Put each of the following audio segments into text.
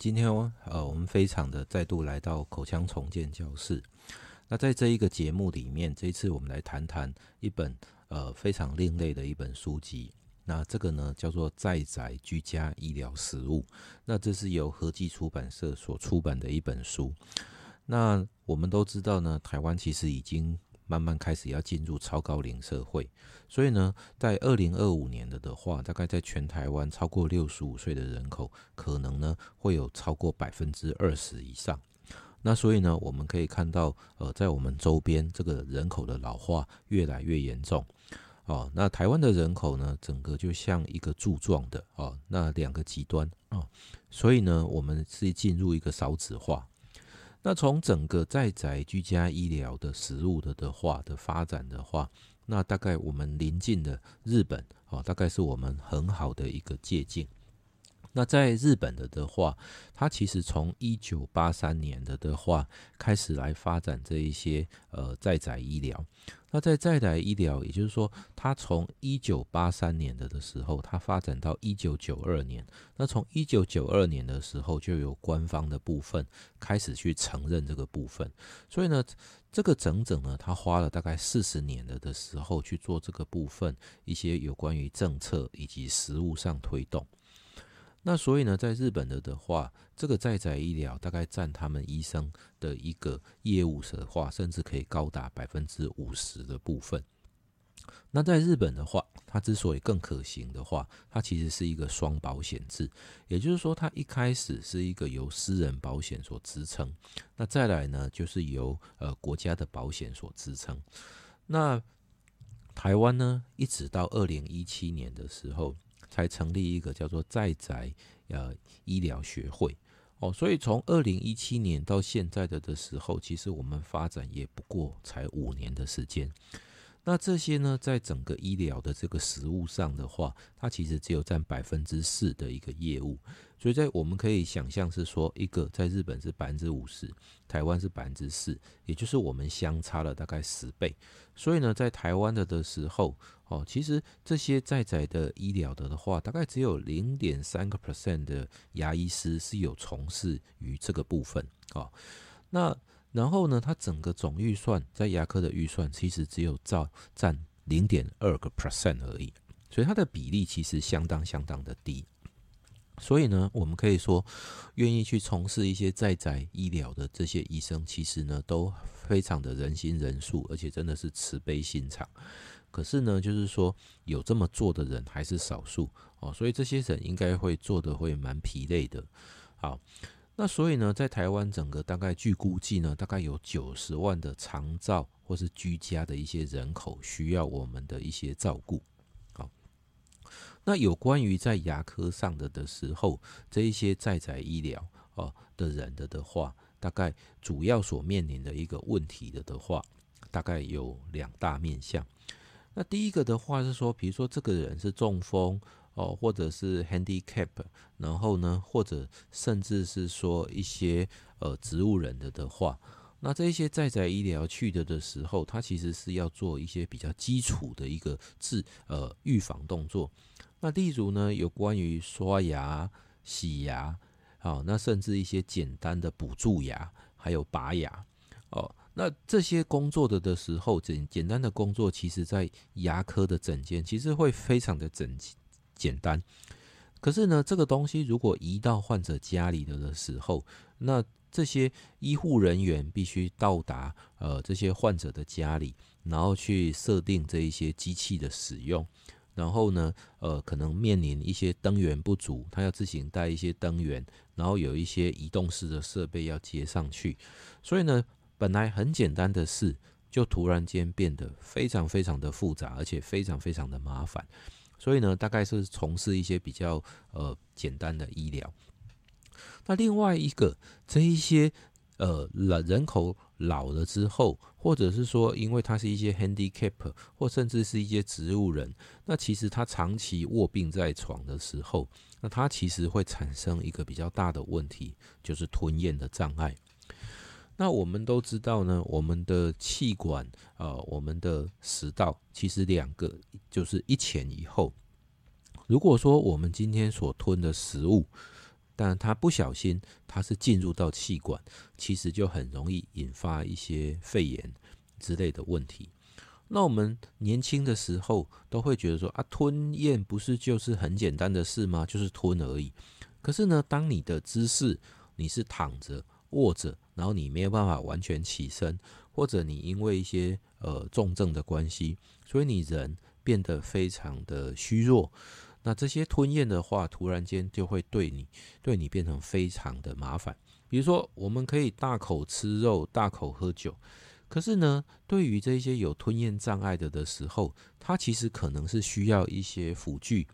今天哦，呃，我們非常的再度來到口腔重建教室。那在這一個節目裡面，這一次我們來談談一本呃非常另類的一本書籍。那這個呢叫做《在宅居家醫療實務》，那這是由合記出版社所出版的一本書。那我們都知道呢，台灣其實已經，慢慢開始要進入超高齡社會，所以呢，在二零二五年的的話，大概在全台灣超過六十五歲的人口，可能呢會有超過百分之二十以上。那所以呢，我們可以看到，呃，在我們周邊這個人口的老化越來越嚴重，哦，那台灣的人口呢，整個就像一個柱狀的，哦，那兩個極端啊，哦，所以呢，我們是進入一個少子化。那從整個在宅居家醫療的實務的的話的發展的話，那大概我們鄰近的日本啊、哦，大概是我們很好的一個借鑑。那在日本的的話，它其實從一九八三年的的話開始來發展這一些呃在宅醫療。那在在宅醫療，也就是說，它從一九八三年的的時候，它發展到一九九二年。那從一九九二年的時候，就有官方的部分開始去承認這個部分。所以呢，這個整整呢，它花了大概四十年了的時候去做這個部分一些有關於政策以及實務上推動。那所以呢，在日本的的話，這個在宅醫療大概占他們醫生的一個業務的話，甚至可以高達百分之五十的部分。那在日本的話，它之所以更可行的話，它其實是一個雙保險制，也就是說，它一開始是一個由私人保險所支撐，那再來呢，就是由呃國家的保險所支撐。那台灣呢，一直到二零一七年的時候，才成立一個叫做在宅呃醫療學會哦，所以從二零一七年到現在的的時候，其實我們發展也不過才五年的時間。那這些呢，在整個醫療的這個實務上的話，它其實只有占百分之四的一個業務。所以在我們可以想象是說，一個在日本是百分之五十，台灣是百分之四，也就是我們相差了大概十倍。所以呢，在台灣的的時候。哦，其實這些在宅的醫療的的話，大概只有零點三個 percent 的牙醫師是有從事於這個部分。哦，那然後呢，他整個總預算在牙科的預算其實只有照占零點二個 percent 而已，所以它的比例其實相當相當的低。所以呢，我們可以說，願意去從事一些在宅醫療的這些醫生，其實呢都非常的仁心仁術，而且真的是慈悲心腸。可是呢，就是說有這麼做的人還是少數哦，所以這些人應該會做的會蠻疲累的。好，那所以呢，在台灣整個大概據估計呢，大概有九十萬的長照或是居家的一些人口需要我們的一些照顧。好，那有關於在牙科上的的時候，這一些在宅醫療哦的人的的話，大概主要所面臨的一個問題的的話，大概有兩大面向。那第一個的話是說，比如說這個人是中風哦，或者是 handicap，然後呢，或者甚至是說一些呃植物人的的話，那這些在宅醫療去的的時候，他其實是要做一些比較基礎的一個治呃預防動作。那例如呢，有關於刷牙、洗牙，啊、哦，那甚至一些簡單的補蛀牙，還有拔牙，哦。那這些工作的的時候，簡簡單的工作，其實在牙科的診間其實會非常的簡簡單。可是呢，這個東西如果移到患者家裡的的時候，那這些醫護人員必須到達呃這些患者的家裡，然後去設定這一些機器的使用，然後呢，呃，可能面臨一些燈源不足，他要自行帶一些燈源，然後有一些移動式的設備要接上去，所以呢。本來很簡單的事，就突然間變得非常非常的複雜，而且非常非常的麻煩。所以呢，大概是從事一些比較呃簡單的醫療。那另外一個，這一些呃老人口老了之後，或者是說，因為他是一些 handicap，或甚至是一些植物人，那其實他長期臥病在床的時候，那他其實會產生一個比較大的問題，就是吞嚥的障礙。那我們都知道呢，我們的氣管，呃，我們的食道其實兩個就是一前一後。如果說我們今天所吞的食物，但它不小心它是進入到氣管，其實就很容易引發一些肺炎之類的問題。那我們年輕的時候都會覺得說啊，吞嚥不是就是很簡單的事嗎？就是吞而已。可是呢，當你的姿勢你是躺着、臥着。然後你沒有辦法完全起身，或者你因為一些呃重症的關係，所以你人變得非常的虛弱。那這些吞咽的話，突然間就會對你，對你變成非常的麻煩。比如說，我們可以大口吃肉，大口喝酒，可是呢，對於這些有吞咽障礙的的時候，它其實可能是需要一些輔具，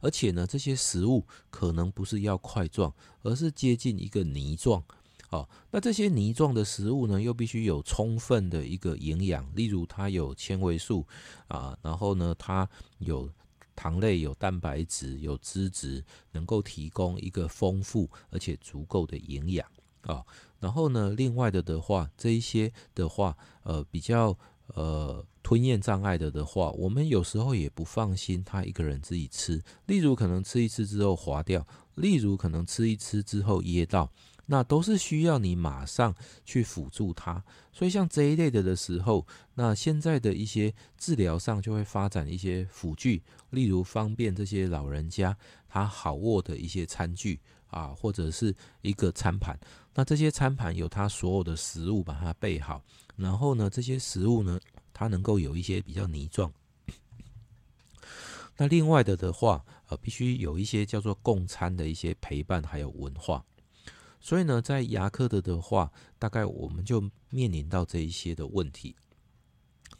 而且呢，這些食物可能不是要塊狀，而是接近一個泥狀。好、哦，那這些泥狀的食物呢，又必須有充分的一個營養，例如它有纖維素啊、呃，然後呢，它有糖類、有蛋白質、有脂質，能夠提供一個豐富而且足夠的營養啊。然後呢，另外的的話，這一些的話，呃，比較呃吞嚥障礙的的話，我們有時候也不放心他一個人自己吃，例如可能吃一吃之後滑掉，例如可能吃一吃之後噎到。那都是需要你馬上去輔助他，所以像這一類的的時候，那現在的一些治療上就會發展一些輔具，例如方便這些老人家他好握的一些餐具啊，或者是一個餐盤。那這些餐盤有他所有的食物把它備好，然後呢，這些食物呢，它能夠有一些比較泥狀。那另外的的話，呃，必須有一些叫做共餐的一些陪伴，還有文化。所以呢，在牙科的的話，大概我們就面臨到這一些的問題。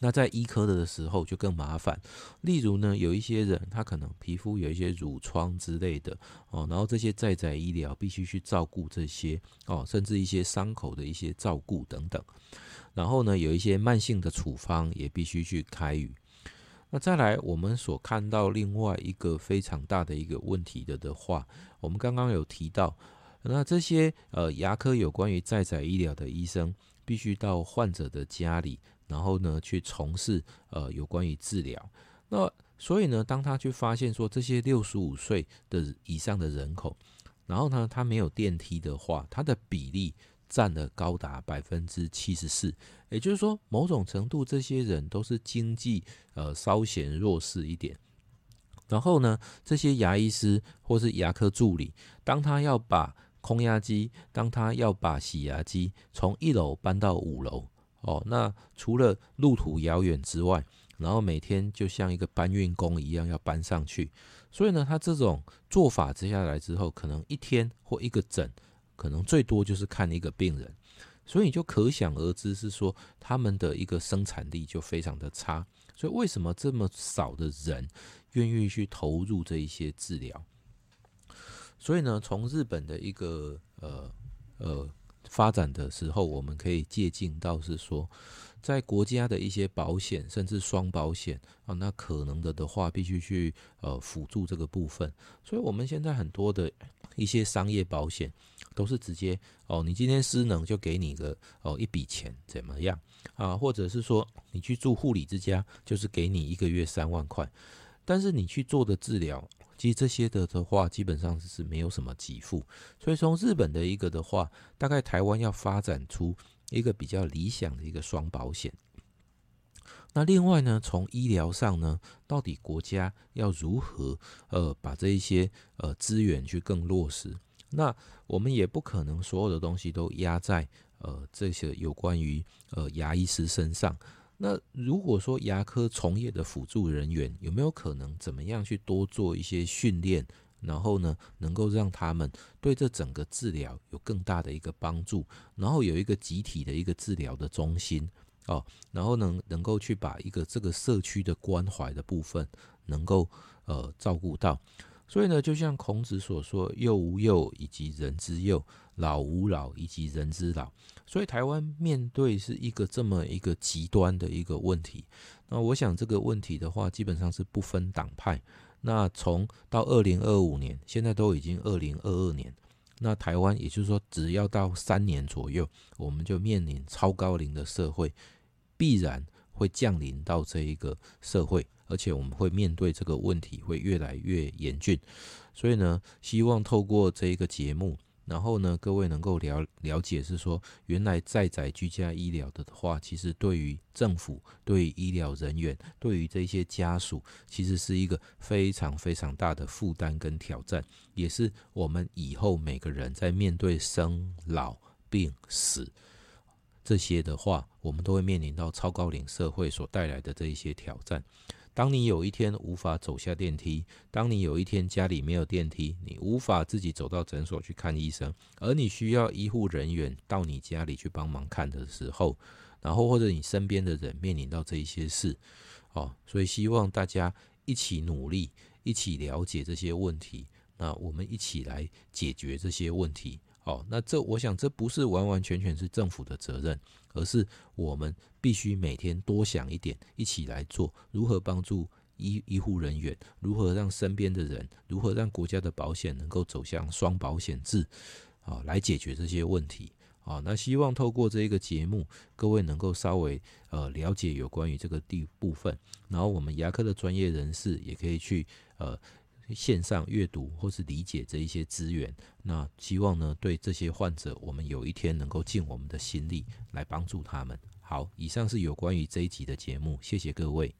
那在醫科的的時候就更麻煩，例如呢，有一些人他可能皮膚有一些褥瘡之類的哦，然後這些在宅醫療必須去照顧這些哦，甚至一些傷口的一些照顧等等。然後呢，有一些慢性的處方也必須去開予。那再來，我們所看到另外一個非常大的一個問題的的話，我們剛剛有提到。那這些呃牙科有關於在宅醫療的醫生，必須到患者的家裡，然後呢去從事呃有關於治療。那所以呢，當他去發現說這些六十五歲的以上的人口，然後呢他，他沒有電梯的話，他的比例佔了高達百分之七十四。也就是說，某種程度這些人都是經濟呃稍顯弱勢一點。然後呢，這些牙醫師或是牙科助理，當他要把空壓機，當他要把洗牙機從一樓搬到五樓，哦，那除了路途遙遠之外，然後每天就像一個搬運工一樣要搬上去，所以呢，他這種做法接下來之後，可能一天或一個診，可能最多就是看一個病人，所以你就可想而知是說他們的一個生產力就非常的差，所以為什麼這麼少的人願意去投入這一些治療？所以呢，從日本的一個呃呃發展的時候，我們可以借鑑到是說，在國家的一些保險甚至雙保險啊，那可能的的話，必須去呃輔助這個部分。所以，我們現在很多的一些商業保險都是直接哦，你今天失能就給你個哦一筆錢，怎麼樣啊？或者是說，你去住護理之家，就是給你一個月三萬塊，但是你去做的治療。其實這些的的話，基本上是沒有什麼給付，所以從日本的一個的話，大概台灣要發展出一個比較理想的一個雙保險。那另外呢，從醫療上呢，到底國家要如何呃把這一些呃資源去更落實？那我們也不可能所有的東西都壓在呃這些有關於呃牙醫師身上。那如果說牙科從業的輔助人員有沒有可能怎麼樣去多做一些訓練，然後呢，能夠讓他們對這整個治療有更大的一個幫助，然後有一個集體的一個治療的中心哦，然後呢，能夠去把一個這個社區的關懷的部分能夠呃照顧到。所以呢，就像孔子所說“幼吾幼以及人之幼，老吾老以及人之老”，所以台灣面對是一個這麼一個極端的一個問題。那我想這個問題的話，基本上是不分黨派。那從到二零二五年，現在都已經二零二二年，那台灣也就是說，只要到三年左右，我們就面臨超高齡的社會，必然。會降臨到這一個社會，而且我們會面對這個問題會越來越嚴峻，所以呢，希望透過這一個節目，然後呢，各位能夠了了解，是說原來在宅居家醫療的話，其實對於政府、對於醫療人員、對於這些家屬，其實是一個非常非常大的負擔跟挑戰，也是我們以後每個人在面對生老病死。這些的話，我們都會面臨到超高齡社會所帶來的這一些挑戰。當你有一天無法走下電梯，當你有一天家裡沒有電梯，你無法自己走到診所去看醫生，而你需要醫護人員到你家裡去幫忙看的時候，然後或者你身邊的人面臨到這一些事，哦，所以希望大家一起努力，一起了解這些問題，那我們一起來解決這些問題。好、哦，那這我想這不是完完全全是政府的責任，而是我們必須每天多想一點，一起來做如何幫助醫醫護人員，如何讓身邊的人，如何讓國家的保險能夠走向雙保險制，好、哦，來解決這些問題。好、哦，那希望透過這一個節目，各位能夠稍微呃了解有關於這個地部分，然後我們牙科的專業人士也可以去呃。線上閱讀或是理解這一些資源，那希望呢，對這些患者，我們有一天能夠盡我們的心力來幫助他們。好，以上是有關於這一集的節目，謝謝各位。